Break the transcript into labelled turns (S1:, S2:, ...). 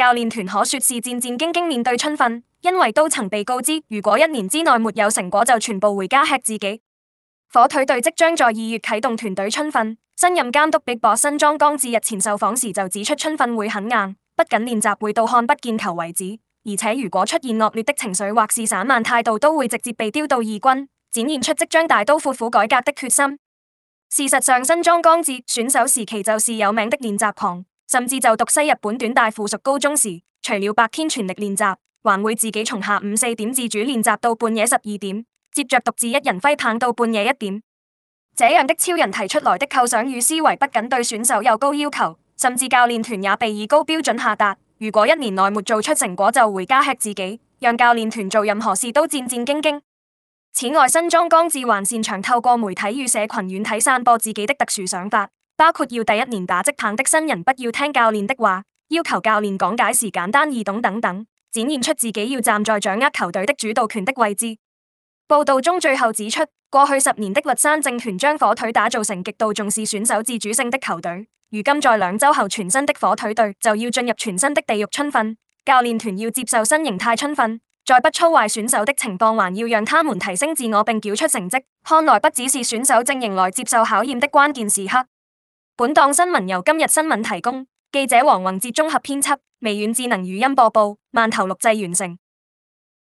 S1: 教練團可說是戰戰兢兢面對春訓，因為都曾被告知，如果一年之內沒有成果，就全部回家吃自己。火腿隊即將在二月啟動團隊春訓，新任監督 Big Boss 新莊剛志日前受訪時就指出，春訓會很硬，不僅練習會到看不見球為止，而且如果出現惡劣的情緒或是散漫態度，都會直接被丟到二軍，展現出即將大刀闊斧改革的決心。事實上新莊，新莊剛志選手時期就是有名的練習狂。甚至就讀西日本短大附屬高中時，除了白天全力練習，還會自己從下午四點自主練習到半夜十二點，接着獨自一人揮棒到半夜一點。這樣的超人提出來的構想與思維不僅對選手有高要求，甚至教練團也被以高標準下達。如果一年內沒做出成果就回家吃自己，讓教練團做任何事都戰戰兢兢。此外，新莊剛志還擅長透過媒體與社群軟體散播自己的特殊想法。包括要第一年打職棒的新人不要聽教練的話，要求教練講解時簡單易懂等等，展現出自己要站在掌握球隊的主導權的位置。報道中最後指出，過去十年的栗山政權將火腿打造成極度重視選手自主性的球隊。如今在兩周後全新的火腿隊就要進入全新的地獄春訓，教練團要接受新形態春訓，在不操壞選手的情況，還要讓他們提升自我並繳出成績。看來不只是選手正迎來接受考驗的關鍵時刻。本檔新聞由今日新聞提供，記者黃宏哲綜合編輯，微軟智能語音播報，饅頭錄製完成。